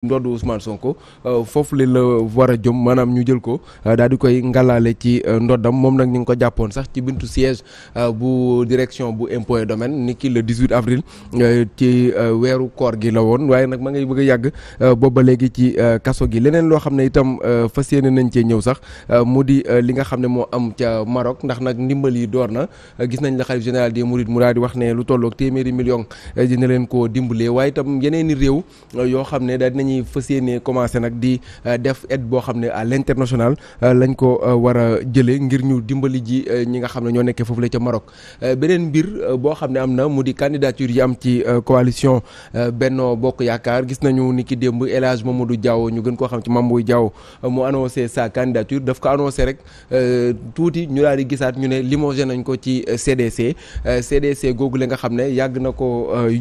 ndodd Ousmane Sonko euh, foofu li la war a jëm maanaam ñu jël ko euh, daal di koy ngalaale ci euh, ndoddam moom nag ñu ngi ko jàppoon sax ci bintu siège bu direction bu impôt et domaine ni ki le 18 avril ci weeru koor gi la woon waaye nag ma ngay bëgg a yàgg booba léegi ci kaso gi leneen loo xam ne itam fas yéene nañ cee ñëw sax mu di li nga xam ne moo am ca Maroc ndax nag ndimbal yi door na gis nañ la xalif général des Mourides mu daal di wax ne lu tolloog téeméeri million dina leen ko dimbalee waaye itam réew ñuy fas yéenee commencé nag di euh, def aide boo xam ne à l'international euh, lañ ko euh, war a jëlee ngir ñu dimbali ji ñi nga xam ne ñoo nekkee foofu la ci Maroc beneen mbir boo xam ne am na mu di candidature yi am ci coalition Benno Bokk Yaakaar gis nañu ni ki démb El mu du Diaw ñu gën koo xam ci Mamboy Diaw mu annoncé sa candidature daf ko annoncé rek tuuti ñu daal di gisaat ñu ne limogé nañ ko ci CDC CDC googu la nga xam ne yàgg na ko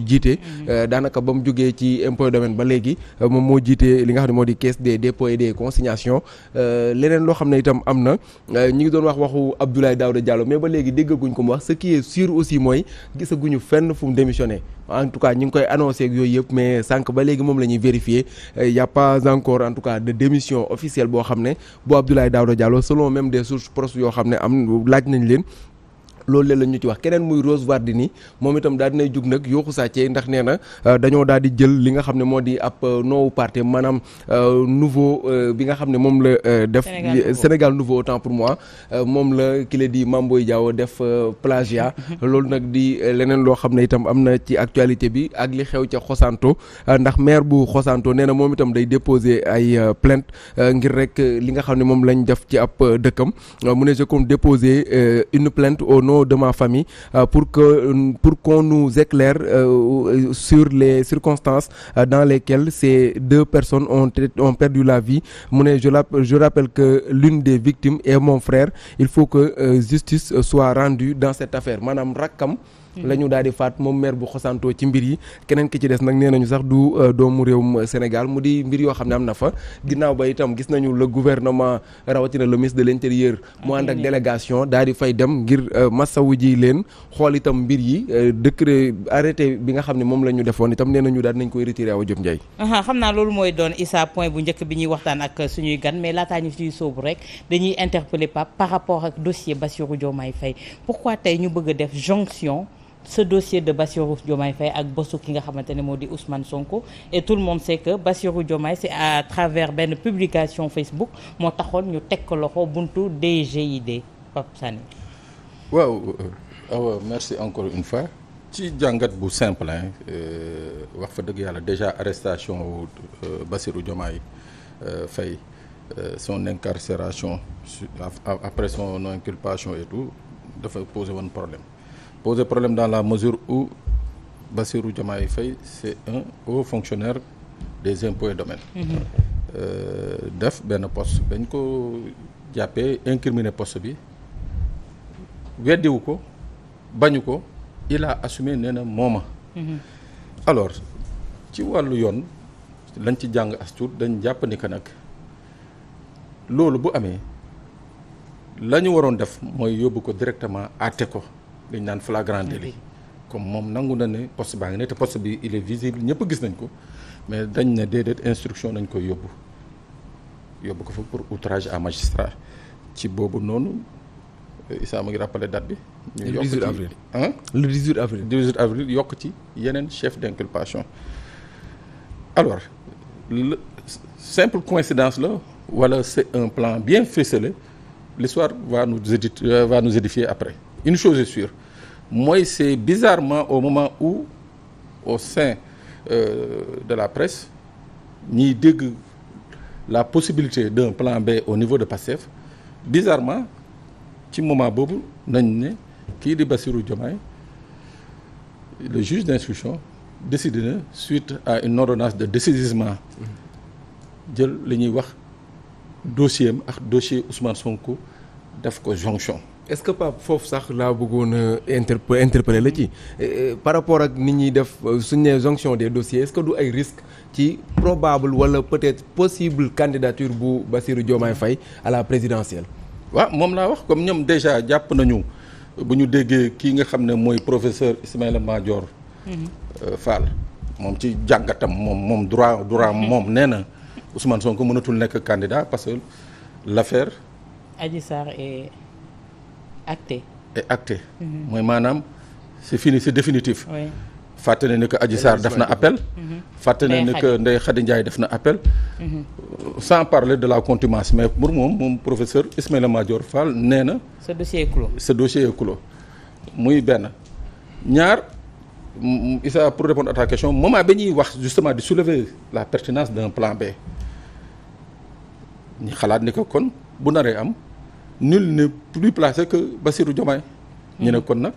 jiite mm-hmm. daanaka ba mu jógee ci impôt ba léegi moo jiitee li nga xam ne moo di caisse des dépôts et des euh, leneen loo xam ne itam am na euh, ñu ngi doon wax waxu Abdoulaye Daouda Diallo mais ba léegi déggaguñ ko mu wax ce qui est sûr aussi mooy gisaguñu fenn fu mu démissionné en tout cas ñu ngi koy annoncé ak yooyu yëpp mais sànq ba léegi moom la ñuy vérifié euh, y' a en tout cas de démission officielle boo xam ne bu Abdoulaye Daouda Diallo selon même des sources proches yoo xam ne am laaj nañ leen loolu la ñu ci wax keneen muy Rose Wardini moom itam daal dinay jug nag yooxu sàccee ndax nee na euh, dañoo daal di jël li nga xam ne moo di ab euh, nouveau parti maanaam euh, nouveau bi nga xam ne moom la def Sénégal nouveau autant pour moom la ki la di Mamboy Diaw def plagiat loolu nag di leneen loo xam ne itam am na ci actualité bi ak li xew ca Xosanto ndax maire bu Xosanto nee na moom itam day déposer ay plainte ngir rek li nga xam ne moom lañ def ci ab dëkkam mu ne je déposer une plainte au nom de ma famille euh, pour que euh, pour qu'on nous éclaire euh, sur les circonstances dans lesquelles ces deux personnes ont ont perdu la vie mu ne je rappelle que l'une des victimes est mon frère il faut que justice soit rendue dans cette affaire maanaam rakkam Mm. la ñu daal di faat moom maire bu xosantoo ci mbir yi keneen ki ci des nag nee nañu sax du euh, doomu réew Sénégal mu di mbir yoo xam ne am na fa ginnaaw ba itam gis nañu le gouvernement rawatina le ministre de l'intérieur mu ànd ak délégation daal di fay dem ngir euh, massawu ji leen xool itam mbir yi euh, décret arrêté bi nga xam ne moom la ñu defoon itam nee ñu daal nañ koy retiré awa Diop Ndiaye xam naa loolu mooy doon Issa point bu njëkk bi ñuy waxtaan ak suñuy gan mais laataa ñu ciy sóobu rek dañuy interpeller Pape par rapport ak dossier Bassirou Diomaye Faye pourquoi tey ñu bëgg a def jonction ce dossier de Bassirou Diomaye Faye ak bosu ki nga xamante ne moo di Ousmane Sonko et tout le monde sait que Bassirou Diomaye c'est à travers benn publication Facebook moo taxoon ñu teg ko loxo buntu DGID Pape Sané waaw euh, waaw merci encore une fois ci jàngat bu simple euh, wax fa dëgg yàlla déjà arrestation euh, basiru Diomaye Faye son incarcération après son inculpation et tout dafa poser woon problème poser problème dans la mesure où Bassirou Diomaye Faye c'est un haut fonctionnaire des impôts et domaines mm-hmm. euh, def benn post dañ ko jàppee incriminé poste bi weddiwu ko bañu ko il a assumé nee mooma mm-hmm. alors ci wàllu yoon lañ ci jàng as dañ jàpp ni que nag loolu bu amee la ñu waroon def mooy yóbbu ko directement àtte ko dañ naan flagrant délit comme moom nangu na ne baa ngi ne te bi il est ñëpp gis nañ ko mais dañ ne déedéet instruction nañ koy yóbbu ko fa pour outrage à ci boobu noonu euh, Issa ma ngi rappelé date bi. ñu yokk ci le 18 avril ah. le yokk ci yeneen chef d'inculpation alors le simple coïncidence la wala c'est un plan bien ficelé l'histoire va nous édi euh, va nous édifier après. une chose est mooy c'est bizarrement au moment où au sein euh, de la presse ñiy dégg la possibilité d'un plan B au niveau de Pastef bizarrement ci moment boobu nañ ne kii di bassiru Diomaye le juge d'instruction décidé na suite à une ordonnance de dessaisissement jël li ñuy wax dossier am ak dossier Ousmane Sonko def ko jonction est-ce que Pape foofu sax laa bëggoon a euh, interpeller la ci euh, euh, par rapport ak nit ñuy def suñ ne jonction des dossiers est-ce que du ay risque ci probable wala peut-être possible candidature bu Bassirou Diomaye Faye à la présidentielle waaw moom laa wax comme ñoom déjà jàpp nañu bu ñu déggee kii nga xam ne mooy professeur Ismaïla Madior mhm. Fall moom ci jàngatam moom moom droit droit moom nee na Ousmane Sonko mënatul nekk candidat parce que l'affaire Adji acté et acté mooy maanaam c'est fini c'est définitif fàtte na ni que Adji Sarr def na appel mhm. fàtte ne ni que Ndeye Khady Ndiaye def na appel mhm. sans parler de la contumace mais pour moom moom professeur Ismaïla Madior Fall nee na ce dossier est muy benn ñaar mm, Issa pour répondre à ta question moment ba ñuy wax justement di soulever la pertinence d'un plan B ñu xalaat ni ko kon bu naree am nul n'est plus placé que Bassirou Diomaye ñu ne kon nag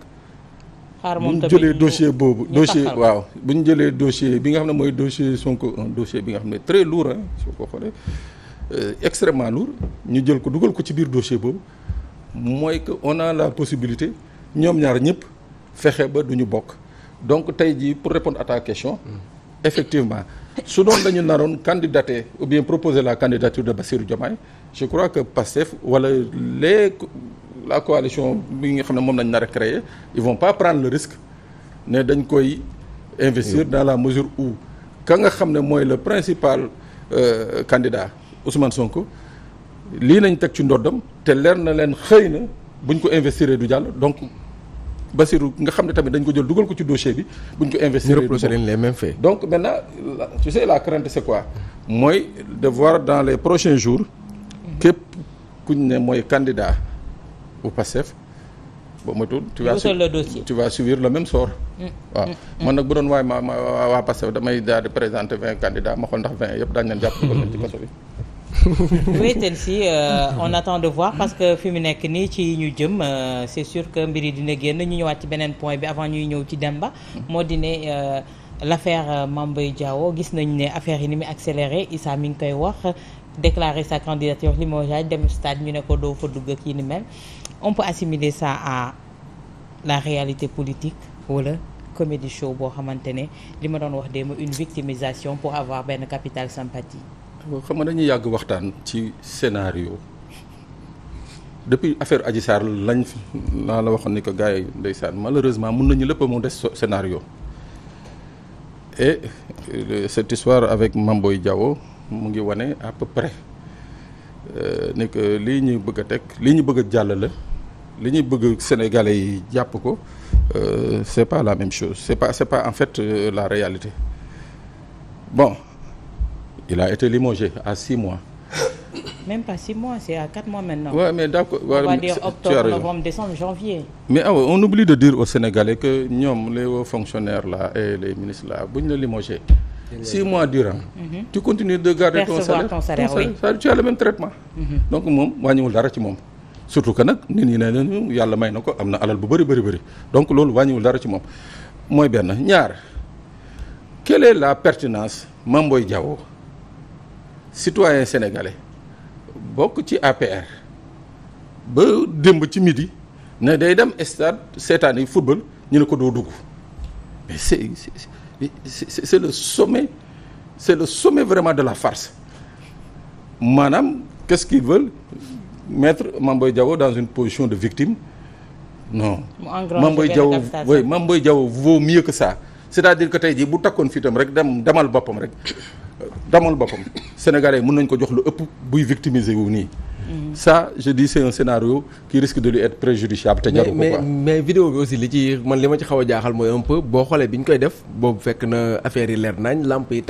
bu ñu jëlee dossier boobu dossier waaw bu ñu jëlee dossier bi nga xam ne mooy dossier Sonko un dossier bi nga xam ne très lour hein soo ko xoolee euh, extrêmement lourd ñu jël ko dugal ko ci biir dossier boobu mooy que on a la possibilité ñoom ñaar ñëpp fexe ba du ñu bokk donc tey jii pour répondre à ta question mm. effectivement su doon dañu naroon candidater ou bien proposer la candidature de Bassirou Diomaye je crois que Pastef wala les la coalition bi nga xam ne moom nañ nar a créer ils vont pas prendre le risque ne dañ koy investir dans la mesure où ka nga xam ne mooy le principal euh, candidat Ousmane sonk lii nañ teg ci ndoddam te leer na leen xëy na buñ ko investir du jàll donc Bassirou nga xam ne tamit dañ ko jël dugal ko ci dossier bi buñ ko investir les mêmes faits donc maintenant tu sais la crainte c'est quoi mooy de voir dans les prochains jours képp kuñ ne mooy candidat au Pastef ba ma tudd tu vas tu vas subir le même sort mm, mm, waaw mm, man nag bu doon waaye ma ma waa Pastef damay daal di présenter vingt candidats ma xool ndax vingt yëpp daañu leen jàpp dugal leen ci kaso bi wéetal si euh, on attend de voir parce que fi mu nekk nii ci ñu jëm euh, c'est sûr que mbir yi dina génn ñu ñëwaat ci beneen point bi avant ñuy ñëw ci Demba moo di ne euh, l'affaire Mame Boye Diao gis nañ ne affaire yi ni muy accéléré Issa mi ngi koy wax déclarer sa candidature limogeage dem stade ñu ne ko doo fa dugg ak yi ni mel on peut assimiler ça à la réalité politique wala comédie show boo xamante ne li ma doon wax déema une victimisation pour avoir benn capital sympathie xam na dañuy yàgg waxtaan ci scénario depuis affaire Adji Sarr lañ laa la waxoon ni ko gars yi ndeysaan malheureusement mun nañu lépp mu des scénario et cette histoire avec Mamboy Diawo mu ngi wane à peu près euh, ni que lii ñuy bëgg a teg li ñu bëgg a jàllale li ñuy bëgg Sénégalais yi jàpp ko euh, c'est pas la même chose c'est pas c'est pas en fait euh, la réalité bon. il a été limogé à six mois. même pas six mois c'est à quatre mais d'accord mais ah ouais, on oublie de dire aux Sénégalais que ñoom les fonctionnaires là et les ministres là bu ñu la limogé. six mois durant. Mm -hmm. tu continues de garder ton salaire, salaire traitement. Mhm. donc moom wàññiwul dara ci moom. surtout que nag nit ñi ne yàlla may na ko am na alal bu bëri bari bëri donc loolu wàññiwul dara ci moom mooy benn ñaar quelle la pertinance Mame Boye Diao. sitoyen sénégalais bokk ci APR ba démb ci midi ne day dem stade seetaan yi football ñu ne ko doo dugg mais c'est c'est c'est le sommet c'est le sommet vraiment de la farce maanaam qu'est-ce qu'ils veulent mettre Mame Boye Diao dans une position de victime non Mame Boye Diao oui Mame Boye Diao vaut mieux que ça c'est-à-dire que tey jii bu takkoon fitam rek dem demal boppam rek damal boppam sénégalais mun nañ ko jox lu ëpp buy victimiser wu nii sa mm-hmm. je dis c'est un risque de lui être préjudiciable te jaru ko mais vidéo bi aussi li ci man li ma ci xaw a jaaxal mooy un peu boo xoolee bi ñu koy def boobu fekk na affaire yi leer nañ lamp yi